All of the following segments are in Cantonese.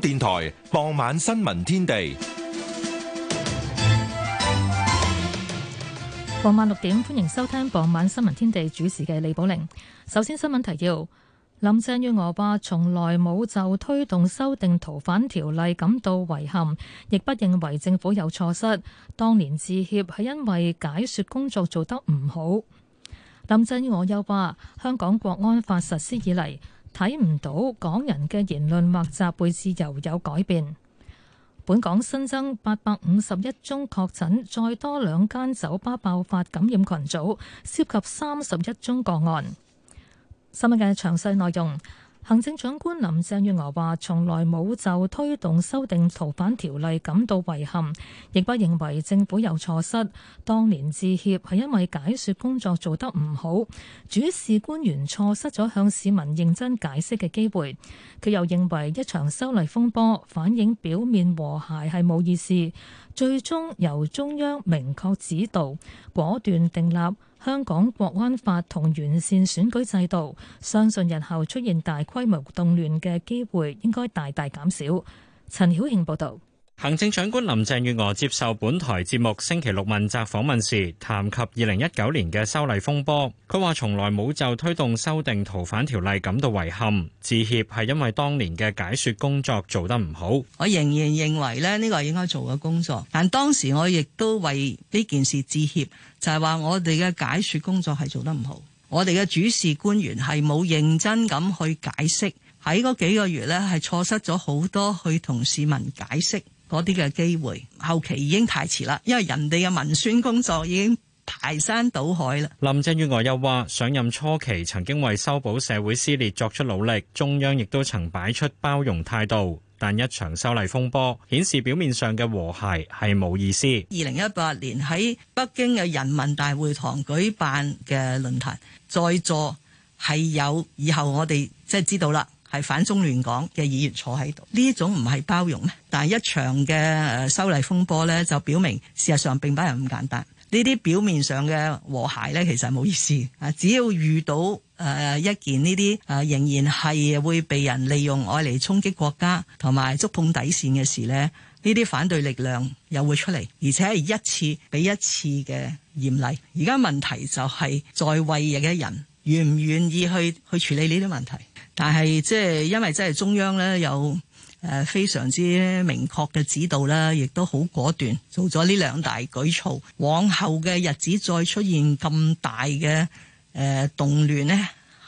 電台傍晚新聞天地，傍晚六點，歡迎收聽傍晚新聞天地，主持嘅李寶玲。首先新聞提要：林鄭月娥話從來冇就推動修訂逃犯條例感到遺憾，亦不認為政府有錯失。當年致歉係因為解說工作做得唔好。林鄭月娥又話香港國安法實施以嚟。睇唔到港人嘅言論或集會自由有改變。本港新增八百五十一宗確診，再多兩間酒吧爆發感染群組，涉及三十一宗個案。新聞嘅詳細內容。行政長官林鄭月娥話：從來冇就推動修訂逃犯條例感到遺憾，亦不認為政府有錯失。當年致歉係因為解説工作做得唔好，主事官員錯失咗向市民認真解釋嘅機會。佢又認為一場修例風波反映表面和諧係冇意思，最終由中央明確指導，果斷訂立香港國安法同完善選舉制度，相信日後出現大規模動亂嘅機會應該大大減少。陳曉慶報導。行政長官林鄭月娥接受本台節目星期六問責訪問時，談及二零一九年嘅修例風波，佢話從來冇就推動修訂逃犯條例感到遺憾，致歉係因為當年嘅解說工作做得唔好。我仍然認為咧，呢個係應該做嘅工作，但當時我亦都為呢件事致歉，就係話我哋嘅解說工作係做得唔好，我哋嘅主事官員係冇認真咁去解釋，喺嗰幾個月咧係錯失咗好多去同市民解釋嗰啲嘅機會，後期已經太遲啦，因為人哋嘅文宣工作已經排山倒海啦。林鄭月娥又話：上任初期曾經為修補社會撕裂作出努力，中央亦都曾擺出包容態度，但一場修例風波顯示表面上嘅和諧係冇意思。二零一八年喺北京嘅人民大會堂舉辦嘅論壇，在座係有，以後我哋即係知道啦。係反中亂港嘅議員坐喺度，呢種唔係包容咩？但係一場嘅修例風波咧，就表明事實上並唔係咁簡單。呢啲表面上嘅和諧咧，其實係冇意思。只要遇到誒一件呢啲誒，仍然係會被人利用，愛嚟衝擊國家同埋觸碰底線嘅事咧，呢啲反對力量又會出嚟，而且係一次比一次嘅嚴厲。而家問題就係在位嘅人願唔願意去去處理呢啲問題。但係即係因為真係中央咧有誒非常之明確嘅指導啦，亦都好果斷做咗呢兩大舉措。往後嘅日子再出現咁大嘅誒動亂咧，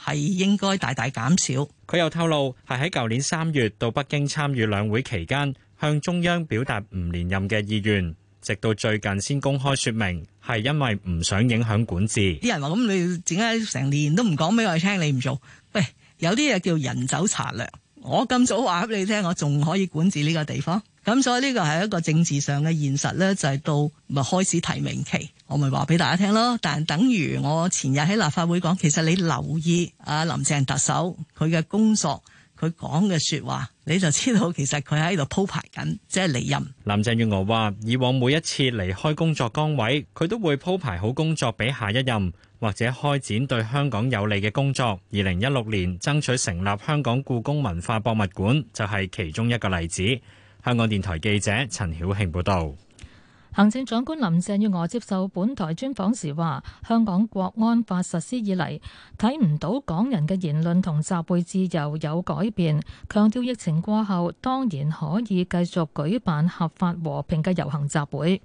係應該大大減少。佢又透露係喺舊年三月到北京參與兩會期間，向中央表達唔連任嘅意願，直到最近先公開說明，係因為唔想影響管治。啲人話咁你點解成年都唔講俾我聽？你唔做喂？有啲嘢，叫人走茶涼，我咁早話俾你聽，我仲可以管治呢個地方，咁所以呢個係一個政治上嘅現實咧，就係到咪開始提名期，我咪話俾大家聽咯。但係等於我前日喺立法會講，其實你留意啊，林鄭特首佢嘅工作，佢講嘅說話。你就知道，其實佢喺度鋪排緊，即係離任。林鄭月娥話：以往每一次離開工作崗位，佢都會鋪排好工作俾下一任，或者開展對香港有利嘅工作。二零一六年爭取成立香港故宮文化博物館，就係其中一個例子。香港電台記者陳曉慶報導。行政長官林鄭月娥接受本台專訪時話：香港國安法實施以嚟，睇唔到港人嘅言論同集會自由有改變。強調疫情過後當然可以繼續舉辦合法和平嘅遊行集會。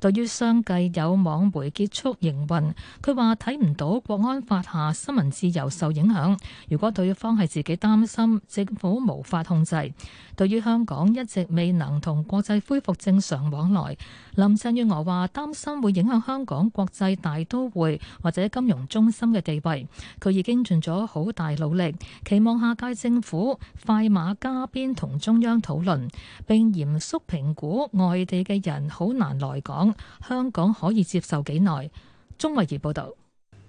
對於相繼有網媒結束營運，佢話睇唔到國安法下新聞自由受影響。如果對方係自己擔心，政府無法控制。對於香港一直未能同國際恢復正常往來，林鄭月娥話：擔心會影響香港國際大都會或者金融中心嘅地位，佢已經盡咗好大努力，期望下屆政府快馬加鞭同中央討論，並嚴肅評估外地嘅人好難來港，香港可以接受幾耐。鍾慧儀報道。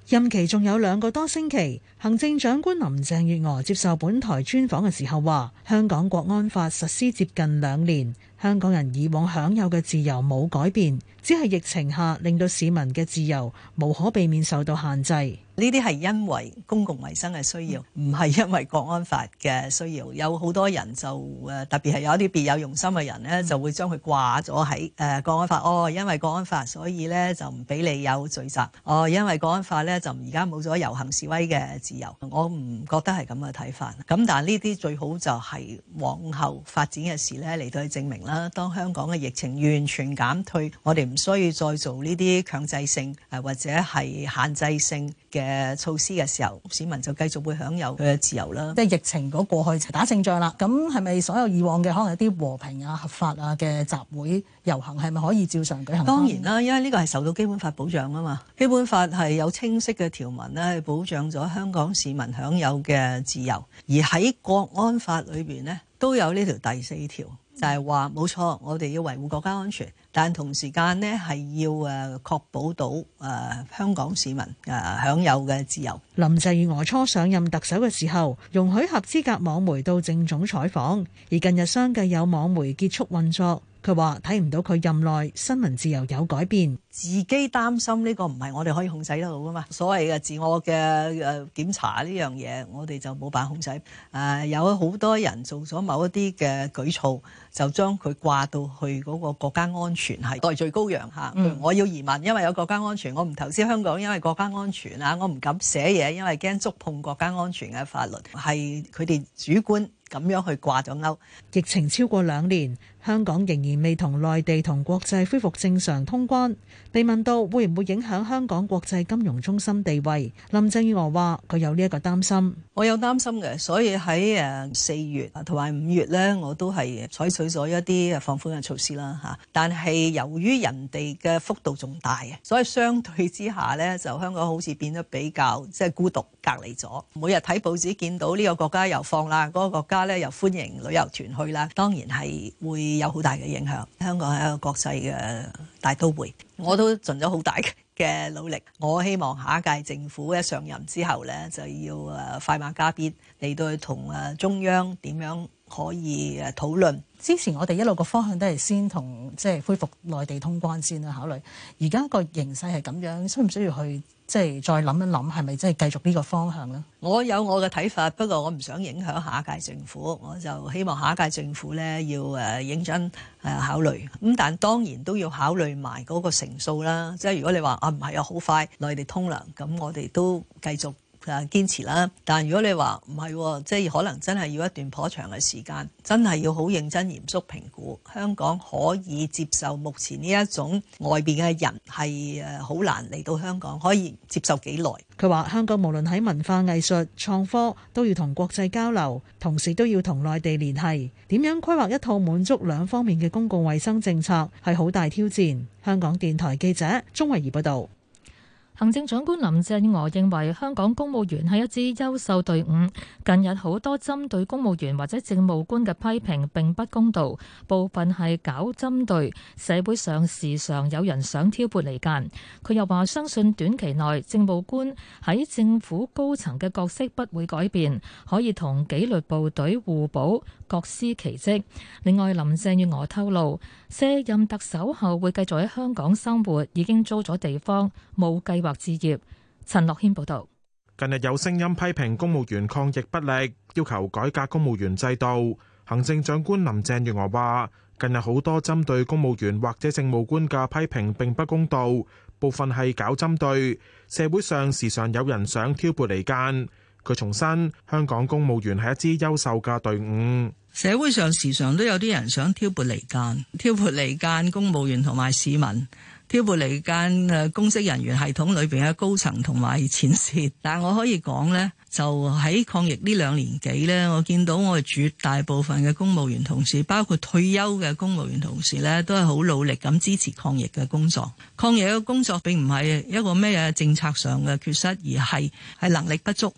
任期仲有兩個多星期，行政長官林鄭月娥接受本台專訪嘅時候話：香港國安法實施接近兩年，香港人以往享有嘅自由冇改變，只係疫情下令到市民嘅自由無可避免受到限制。呢啲係因為公共衛生嘅需要，唔係因為國安法嘅需要。有好多人就誒，特別係有一啲別有用心嘅人咧，就會將佢掛咗喺誒國安法哦，因為國安法，所以咧就唔俾你有聚集。哦，因為國安法咧，就而家冇咗遊行示威嘅自由。我唔覺得係咁嘅睇法。咁但係呢啲最好就係往後發展嘅事咧，嚟到去證明啦。當香港嘅疫情完全減退，我哋唔需要再做呢啲強制性誒或者係限制性嘅。誒措施嘅時候，市民就繼續會享有佢嘅自由啦。即係疫情嗰過去就打勝仗啦。咁係咪所有以往嘅可能有啲和平啊、合法啊嘅集會遊行係咪可以照常舉行？當然啦，因為呢個係受到基本法保障啊嘛。基本法係有清晰嘅條文咧，係保障咗香港市民享有嘅自由。而喺國安法裏邊咧，都有呢條第四條。就係話冇錯，我哋要維護國家安全，但同時間呢係，要誒確保到誒、呃、香港市民誒、呃、享有嘅自由。林鄭月娥初上任特首嘅時候，容許合資格網媒到政總採訪，而近日相繼有網媒結束運作。佢話睇唔到佢任內新聞自由有改變，自己擔心呢個唔係我哋可以控制得到噶嘛？所謂嘅自我嘅誒、呃、檢查呢樣嘢，我哋就冇辦法控制。誒、呃、有好多人做咗某一啲嘅舉措，就將佢掛到去嗰個國家安全係代罪羔羊嚇、嗯。我要移民，因為有國家安全，我唔投資香港，因為國家安全啦，我唔敢寫嘢，因為驚觸碰國家安全嘅法律，係佢哋主觀咁樣去掛咗勾。疫情超過兩年。香港仍然未同內地同國際恢復正常通關。被問到會唔會影響香港國際金融中心地位，林鄭月娥話：佢有呢一個擔心。我有擔心嘅，所以喺誒四月同埋五月呢，我都係採取咗一啲放寬嘅措施啦吓。但係由於人哋嘅幅度仲大，所以相對之下呢，就香港好似變得比較即係、就是、孤獨隔離咗。每日睇報紙見到呢個國家又放啦，嗰、那個國家呢又歡迎旅遊團去啦，當然係會。有好大嘅影響，香港係一個國際嘅大都會，我都盡咗好大嘅努力。我希望下一屆政府一上任之後咧，就要誒快馬加鞭嚟到去同誒中央點樣，可以誒討論。之前我哋一路個方向都係先同即係恢復內地通關先啦。先考慮而家個形勢係咁樣，需唔需要去即係、即係、再諗一諗係咪即係繼續呢個方向咧？我有我嘅睇法，不過我唔想影響下一屆政府，我就希望下一屆政府咧要誒認真，誒考慮，咁但當然都要考慮埋嗰個成數啦。即係如果你話啊唔係啊好快內地通啦，咁我哋都繼續。佢話堅持啦，但如果你話唔係喎，即係可能真係要一段頗長嘅時間，真係要好認真嚴肅評估香港可以接受目前呢一種外邊嘅人係誒好難嚟到香港，可以接受幾耐？佢話香港無論喺文化藝術、創科都要同國際交流，同時都要同內地聯繫。點樣規劃一套滿足兩方面嘅公共衛生政策係好大挑戰。香港電台記者鍾慧儀報道。行政長官林鄭月娥認為香港公務員係一支優秀隊伍。近日好多針對公務員或者政務官嘅批評並不公道，部分係搞針對。社會上時常有人想挑撥離間。佢又話相信短期內政務官喺政府高層嘅角色不會改變，可以同紀律部隊互補，各司其職。另外，林鄭月娥透露卸任特首後會繼續喺香港生活，已經租咗地方，冇計劃。樂置業陳樂謙報道，近日有聲音批評公務員抗疫不力，要求改革公務員制度。行政長官林鄭月娥話，近日好多針對公務員或者政務官嘅批評，並不公道，部分係搞針對。社會上時常有人想挑撥離間，佢重申，香港公務員係一支優秀嘅隊伍。社會上時常都有啲人想挑撥離間，挑撥離間公務員同埋市民。挑撥離間，誒，公職人員系統裏面嘅高層同埋前線，但係我可以講呢，就喺抗疫呢兩年幾呢，我見到我絕大部分嘅公務員同事，包括退休嘅公務員同事呢，都係好努力咁支持抗疫嘅工作。抗疫嘅工作並唔係一個咩嘢政策上嘅缺失，而係係能力不足。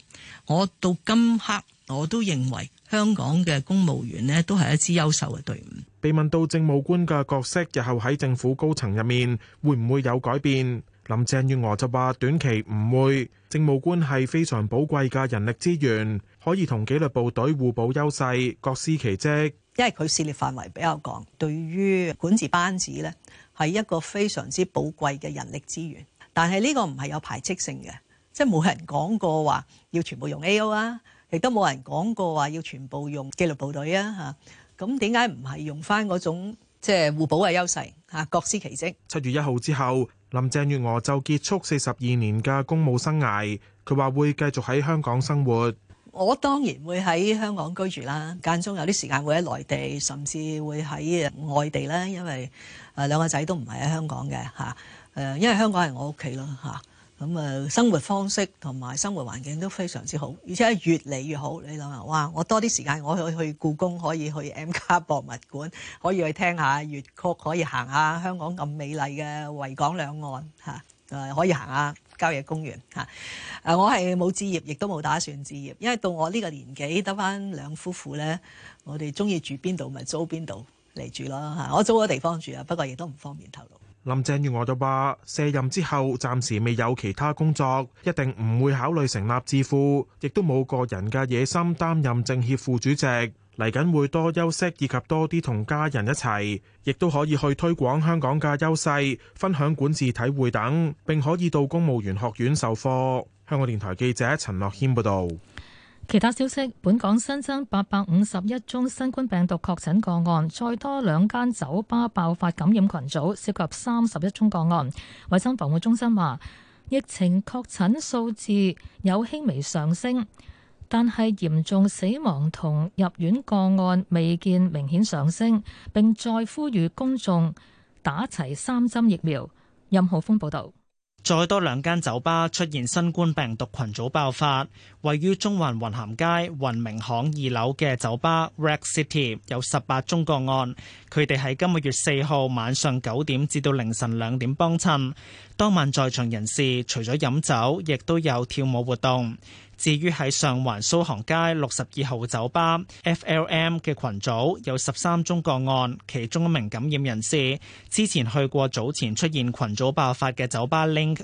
我到今刻，我都認為香港嘅公務員呢，都係一支優秀嘅隊伍。被問到政務官嘅角色日後喺政府高層入面,會唔會有改變?林鄭月娥就話短期唔會,政務官係非常寶貴嘅人力資源,可以同紀律部隊互補優勢,各司其職。因為佢視力範圍比較廣,對於管治班子呢係一個非常之寶貴嘅人力資源。但係呢個唔係有排斥性嘅,即係冇人講過話要全部用 AO, 亦都冇人講過話要全部用紀律部隊啊。嚇！咁點解唔係用返嗰種即係互補嘅優勢嚇，各司其職。七月一號之後，林鄭月娥就結束四十二年嘅公務生涯，佢話會繼續喺香港生活。我當然會喺香港居住啦，間中有啲時間會喺內地，甚至會喺外地啦，因為誒兩個仔都唔係喺香港嘅嚇，誒因為香港係我屋企咯嚇。咁啊，生活方式同埋生活環境都非常之好，而且越嚟越好。你諗下，哇！我多啲時間，我可以去故宮，可以去 M 加博物館，可以去聽下粵曲，可以行下香港咁美麗嘅維港兩岸嚇，誒、啊、可以行下郊野公園嚇。誒、啊，我係冇置業，亦都冇打算置業，因為到我呢個年紀，得翻兩夫婦咧，我哋中意住邊度咪租邊度嚟住咯嚇、啊。我租個地方住啊，不過亦都唔方便透露。林鄭月娥就話：卸任之後，暫時未有其他工作，一定唔會考慮成立智庫，亦都冇個人嘅野心擔任政協副主席。嚟緊會多休息以及多啲同家人一齊，亦都可以去推廣香港嘅優勢，分享管治體會等，並可以到公務員學院授課。香港電台記者陳樂謙報道。其他消息，本港新增八百五十一宗新冠病毒確診個案，再多兩間酒吧爆發感染群組，涉及三十一宗個案。衛生防護中心話，疫情確診數字有輕微上升，但係嚴重死亡同入院個案未見明顯上升。並再呼籲公眾打齊三針疫苗。任浩峰報道。再多兩間酒吧出現新冠病毒群組爆發，位於中環雲咸街雲明巷二樓嘅酒吧 Rack City 有十八宗個案，佢哋喺今個月四號晚上九點至到凌晨兩點幫襯，當晚在場人士除咗飲酒，亦都有跳舞活動。至於喺上環蘇杭街六十二號酒吧 F.L.M 嘅群組有十三宗個案，其中一名感染人士之前去過早前出現群組爆發嘅酒吧 Link。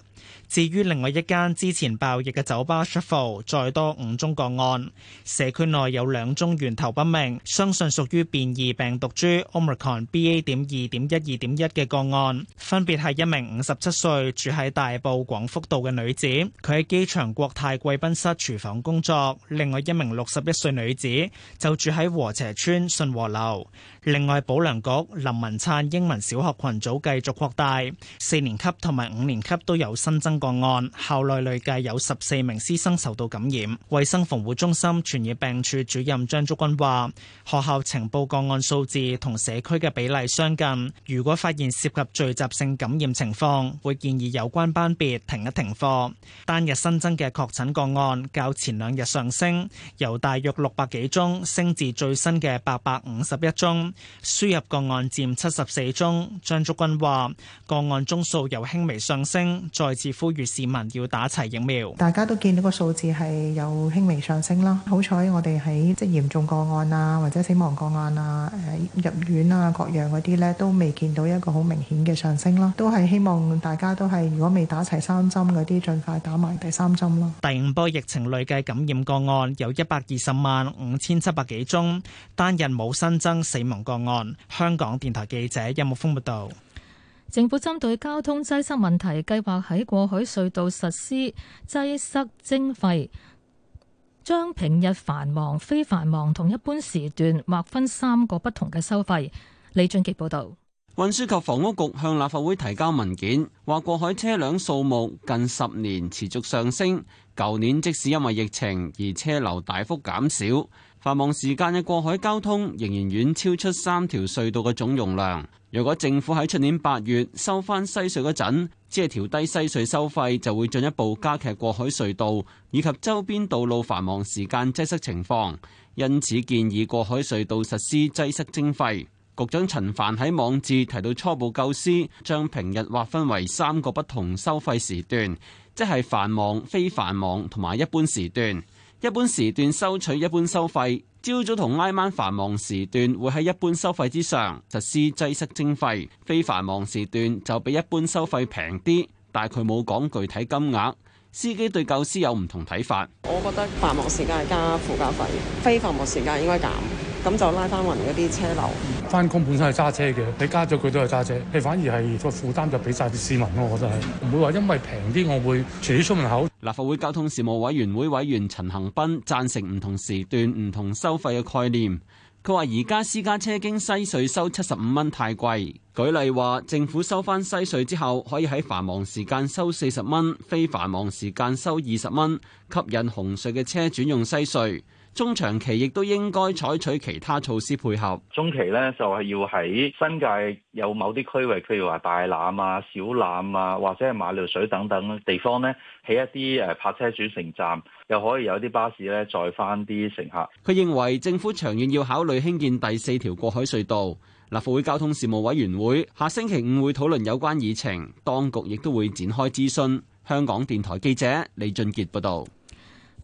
至於另外一間之前爆疫嘅酒吧 Shuffle，再多五宗個案，社區內有兩宗源頭不明，相信屬於變異病毒株 Omicron B.A. 點二點一二點一嘅個案，分別係一名五十七歲住喺大埔廣福道嘅女子，佢喺機場國泰貴賓室，廚房工作，另外一名六十一歲女子就住喺和斜村信和樓。另外，保良局林文燦英文小學群組繼續擴大，四年級同埋五年級都有新增個案，校內累計有十四名師生受到感染。衛生防護中心傳染病處主任張竹君話學校情報個案數字同社區嘅比例相近，如果發現涉及聚集性感染情況會建議有關班別停一停課。單日新增嘅確診個案較前兩日上升，由大約六百幾宗升至最新嘅八百五十一宗。輸入個案佔七十四宗，張竹君話個案宗數有輕微上升，再次呼籲市民要打齊疫苗。大家都見到個數字係有輕微上升啦，好彩我哋喺即嚴重個案啊，或者死亡個案啊、誒、啊、入院啊各樣嗰啲咧都未見到一個好明顯嘅上升啦，都係希望大家都係如果未打齊三針嗰啲，盡快打埋第三針啦。第五波疫情累計感染個案有一百二十萬五千七百幾宗，單日冇新增死亡。個案，香港電台記者任木峰報道。政府針對交通擠塞問題，計劃喺過海隧道實施擠塞徵費，將平日繁忙、非繁忙同一般時段劃分三個不同嘅收費。李俊杰報道。運輸及房屋局向立法會提交文件，話過海車輛數目近十年持續上升，舊年即使因為疫情而車流大幅減少，繁忙時間嘅過海交通仍然遠超出三條隧道嘅總容量。如果政府喺出年八月收翻西隧嗰陣，只係調低西隧收費，就會進一步加劇過海隧道以及周邊道路繁忙時間擠塞情況。因此建議過海隧道實施擠塞徵費。局長陳帆喺網誌提到初步構思將平日劃分為三個不同收費時段，即係繁忙、非繁忙同埋一般時段。一般時段收取一般收費，朝早同挨晚繁忙時段會喺一般收費之上實施擠塞徵，徵費，非繁忙時段就比一般收費平啲，但係佢冇講具體金額。司機對構思有唔同睇法，我覺得繁忙時間加附加費，非繁忙時間應該減。咁就拉翻回一啲車流。翻工本身係揸車嘅，你加咗佢都係揸車，你反而係個負擔就俾晒啲市民咯。我真係唔會話因為平啲，我會除咗出門口。立法會交通事務委員會委員陳恒斌贊成唔同時段唔同收費嘅概念。佢話：而家私家車經西隧收七十五蚊太貴。舉例話，政府收翻西隧之後，可以喺繁忙時間收四十蚊，非繁忙時間收二十蚊，吸引紅隧嘅車轉用西隧。中長期亦都應該採取其他措施配合。中期咧就係要喺新界有某啲區域，譬如話大欖啊、小欖啊，或者係馬料水等等地方呢，起一啲誒泊車轉乘站，又可以有啲巴士咧載翻啲乘客。佢認為政府長遠要考慮興建第四條過海隧道。立法會交通事務委員會下星期五會討論有關議程，當局亦都會展開諮詢。香港電台記者李俊傑報道。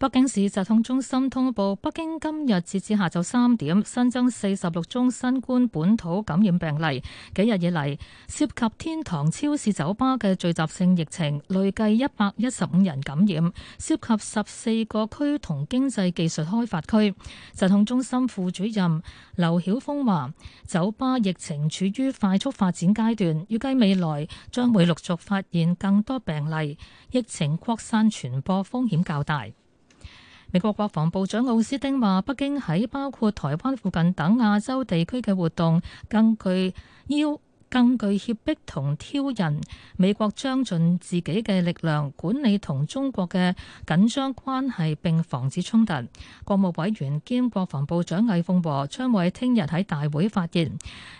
北京市疾控中心通報，北京今日截至下晝三點新增四十六宗新冠本土感染病例。幾日以嚟，涉及天堂超市酒吧嘅聚集性疫情，累計一百一十五人感染，涉及十四個區同經濟技術開發區。疾控中心副主任劉曉峰話，酒吧疫情處於快速發展階段，預計未來將會陸續發現更多病例，疫情擴散傳播風險較大。美國國防部長奧斯丁話：北京喺包括台灣附近等亞洲地區嘅活動，根據要 U- 更具脅迫同挑釁，美國將盡自己嘅力量管理同中國嘅緊張關係，並防止衝突。國務委員兼國防部長魏鳳和將會聽日喺大會發言。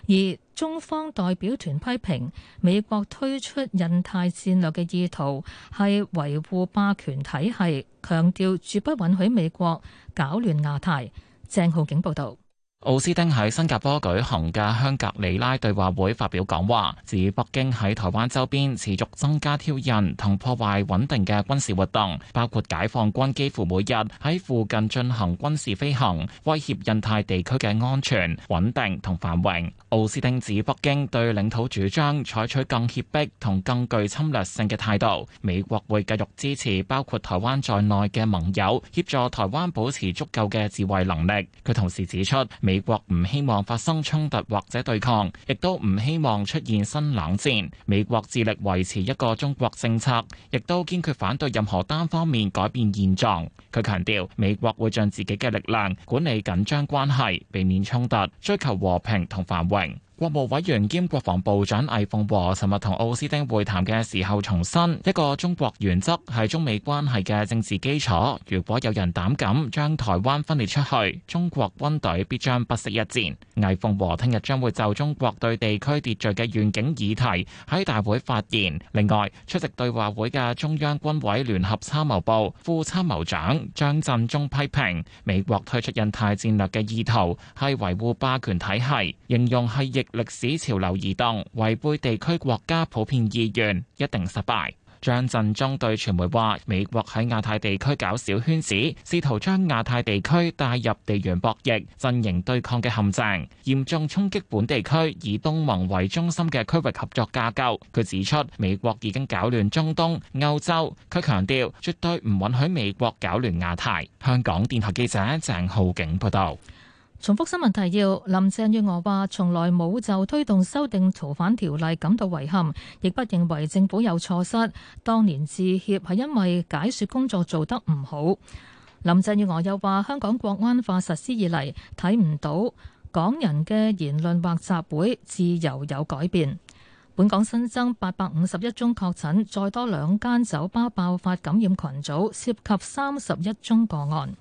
而中方代表團批評美國推出印太戰略嘅意圖係維護霸權體系，強調絕不允許美國搞亂亞太。鄭浩景報導。奧斯汀喺新加坡舉行嘅香格里拉對話會發表講話，指北京喺台灣周邊持續增加挑釁同破壞穩定嘅軍事活動，包括解放軍幾乎每日喺附近進行軍事飛行，威脅印太地區嘅安全、穩定同繁榮。奧斯汀指北京對領土主張採取更脅迫同更具侵略性嘅態度，美國會繼續支持包括台灣在內嘅盟友，協助台灣保持足夠嘅自衛能力。佢同時指出美。美國唔希望發生衝突或者對抗，亦都唔希望出現新冷戰。美國致力維持一個中國政策，亦都堅決反對任何單方面改變現狀。佢強調，美國會盡自己嘅力量管理緊張關係，避免衝突，追求和平同繁榮。國務委員兼國防部長魏鳳和尋日同奧斯汀會談嘅時候重申，一個中國原則係中美關係嘅政治基礎。如果有人膽敢將台灣分裂出去，中國軍隊必將不惜一戰。魏鳳和聽日將會就中國對地區秩序嘅願景議題喺大會發言。另外，出席對話會嘅中央軍委聯合參謀部副參謀長張振中批評，美國推出印太戰略嘅意圖係維護霸權體系，形容係逆歷史潮流移動，違背地區國家普遍意願，一定失敗。張振中對傳媒話，美國喺亞太地區搞小圈子，試圖將亞太地區帶入地緣博弈、陣營對抗嘅陷阱，嚴重衝擊本地區以東盟為中心嘅區域合作架構。佢指出，美國已經搞亂中東、歐洲。佢強調，絕對唔允許美國搞亂亞太。香港電台記者鄭浩景報道。重複新聞提要。林鄭月娥話：從來冇就推動修訂逃犯條例感到遺憾，亦不認為政府有錯失。當年致歉係因為解說工作做得唔好。林鄭月娥又話：香港國安法實施以嚟，睇唔到港人嘅言論或集會自由有改變。本港新增八百五十一宗確診，再多兩間酒吧爆發感染群組，涉及三十一宗個案。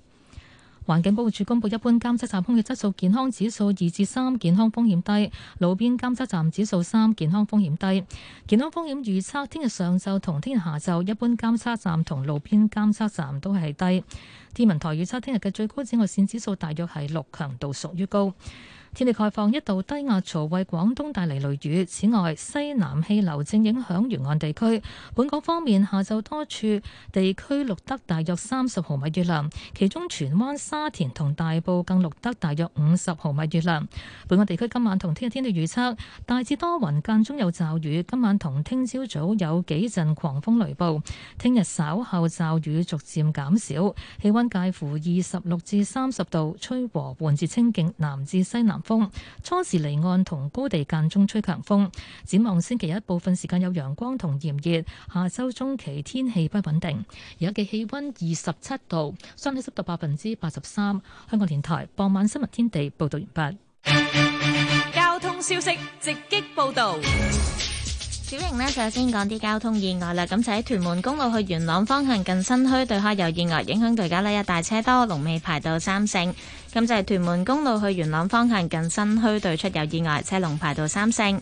環境保護署公布一般監測站空氣質素健康指數二至三，健康風險低；路邊監測站指數三，健康風險低。健康風險預測：聽日上晝同聽日下晝，一般監測站同路邊監測站都係低。天文台預測聽日嘅最高紫外綫指數大約係六，強度屬於高。天氣概況，一度低壓槽為廣東帶嚟雷雨。此外，西南氣流正影響沿岸地區。本港方面，下晝多處地區錄得大約三十毫米雨量，其中荃灣、沙田同大埔更錄得大約五十毫米雨量。本港地區今晚同聽日天氣預測大致多雲，間中有驟雨。今晚同聽朝早有幾陣狂風雷暴。聽日稍後驟雨逐漸減，減少，氣温介乎二十六至三十度，吹和緩至清勁，南至西南風初時離岸同高地間中吹強風，展望星期一部分時間有陽光同炎熱，下周中期天氣不穩定。而家嘅氣温二十七度，相對濕度百分之八十三。香港電台傍晚新聞天地報道完畢。交通消息直擊報道。小瑩呢，就先講啲交通意外啦，咁就喺屯門公路去元朗方向近新墟對開有意外，影響到而家呢一大車多，龍尾排到三聖。咁就喺屯門公路去元朗方向近新墟對出有意外，車龍排到三聖。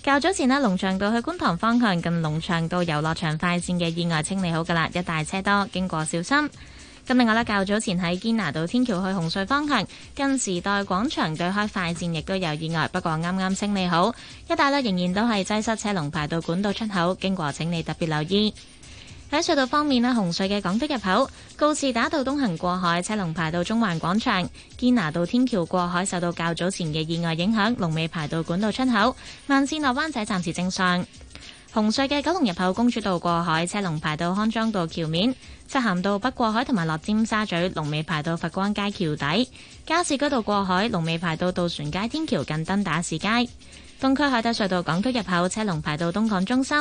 較早前呢，龍翔道去觀塘方向近龍翔道遊樂場快線嘅意外清理好噶啦，一大車多，經過小心。今日我哋較早前喺堅拿道天橋去紅隧方向，近時代廣場對開快線亦都有意外，不過啱啱清理好，一帶仍然都係擠塞，車龍排到管道出口，經過請你特別留意。喺隧道方面，紅隧嘅港島入口告士打道東行過海，車龍排到中環廣場；堅拿道天橋過海受到較早前嘅意外影響，龍尾排到管道出口。慢線落灣仔暫時正常。紅隧嘅九龍入口公主道過海，車龍排到康莊道橋面；七行道北過海同埋落尖沙咀，龍尾排到佛光街橋底；加士居道過海，龍尾排到渡船街天橋近登打士街；東區海底隧道港區入口，車龍排到東港中心；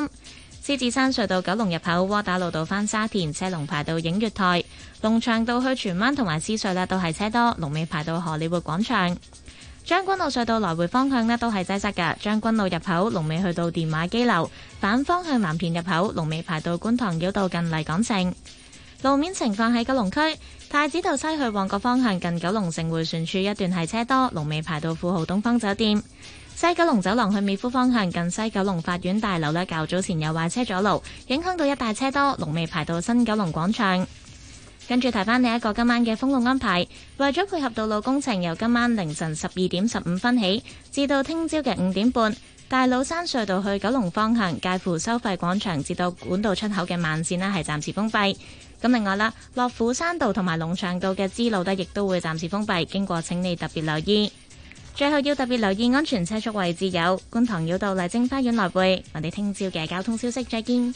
獅子山隧道九龍入口，窩打老道返沙田，車龍排到影月台；龍翔道去荃灣同埋獅隧啦，都係車多，龍尾排到荷里活廣場。將軍澳隧道來回方向呢都係擠塞噶，將軍澳入口龍尾去到電話機樓；反方向藍田入口龍尾排到觀塘繞道近麗港城。路面情況喺九龍區太子道西去旺角方向，近九龍城回旋處一段係車多，龍尾排到富豪東方酒店。西九龍走廊去美孚方向近西九龍法院大樓咧，較早前有壞車阻路，影響到一帶車多，龍尾排到新九龍廣場。跟住提翻你一個今晚嘅封路安排，為咗配合道路工程，由今晚凌晨十二點十五分起，至到聽朝嘅五點半，大老山隧道去九龍方向介乎收費廣場至到管道出口嘅慢線咧，係暫時封閉。咁另外啦，落虎山道同埋龍翔道嘅支路呢亦都會暫時封閉，經過請你特別留意。最後要特別留意安全車速位置有觀塘繞道麗晶花園來回。我哋聽朝嘅交通消息再見。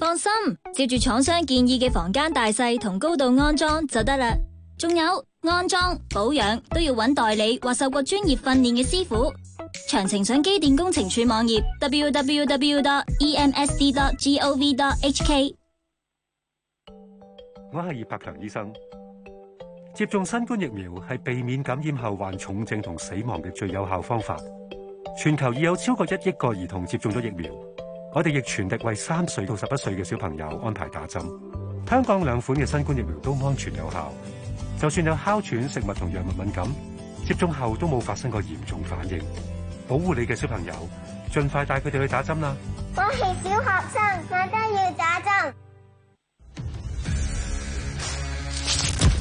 放心，照住廠商建議嘅房間大細同高度安裝就得啦。仲有安裝保養都要揾代理或受過專業訓練嘅師傅。詳情上機電工程署網頁 www.emsd.gov.hk。我係葉柏強醫生，接種新冠疫苗係避免感染後患重症同死亡嘅最有效方法。全球已有超過一億個兒童接種咗疫苗。我哋亦全力為三歲到十一歲嘅小朋友安排打針。香港兩款嘅新冠疫苗都安全有效，就算有哮喘、食物同藥物敏感，接種後都冇發生過嚴重反應。保護你嘅小朋友，盡快帶佢哋去打針啦！我係小學生，我都要打針。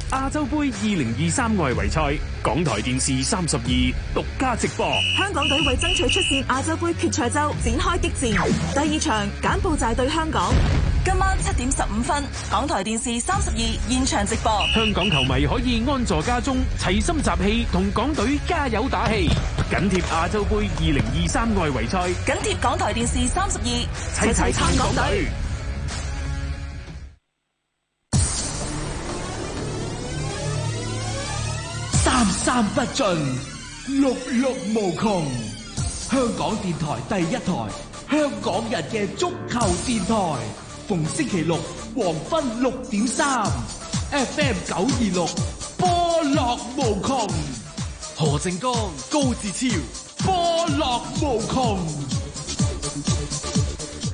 亞洲杯2023外圍賽，港台電視32獨家直播。香港隊為爭取出線亞洲杯決賽周展開激戰。第二場柬埔寨對香港，今晚七點十五分，港台電視32現場直播。香港球迷可以安坐家中，齊心集氣，同港隊加油打氣，緊貼亞洲杯2023外圍賽，緊貼港台電視32，齊齊撐港隊。齊齊三不盡，六六無窮。香港電台第一台，香港人嘅足球電台。逢星期六黃昏六點三，FM 九二六，波樂無窮。何正剛，高志超，波樂無窮。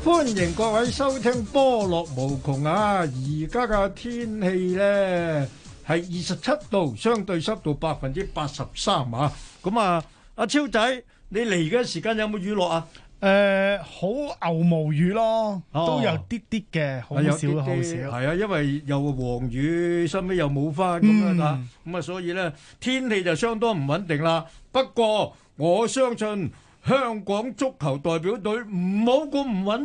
歡迎各位收聽波樂無窮啊！而家嘅天氣咧。係二十七度，相對濕度百分之八十三啊！咁啊，阿、啊、超仔，你嚟嘅時間有冇雨落啊？誒、呃、好牛毛雨咯，哦，都有啲啲嘅，好少好少。係啊，因為又黃雨，後尾又冇翻咁樣啦。咁啊，所以咧天氣就相當唔穩定啦。不過我相信香港足球代表隊唔好咁唔穩。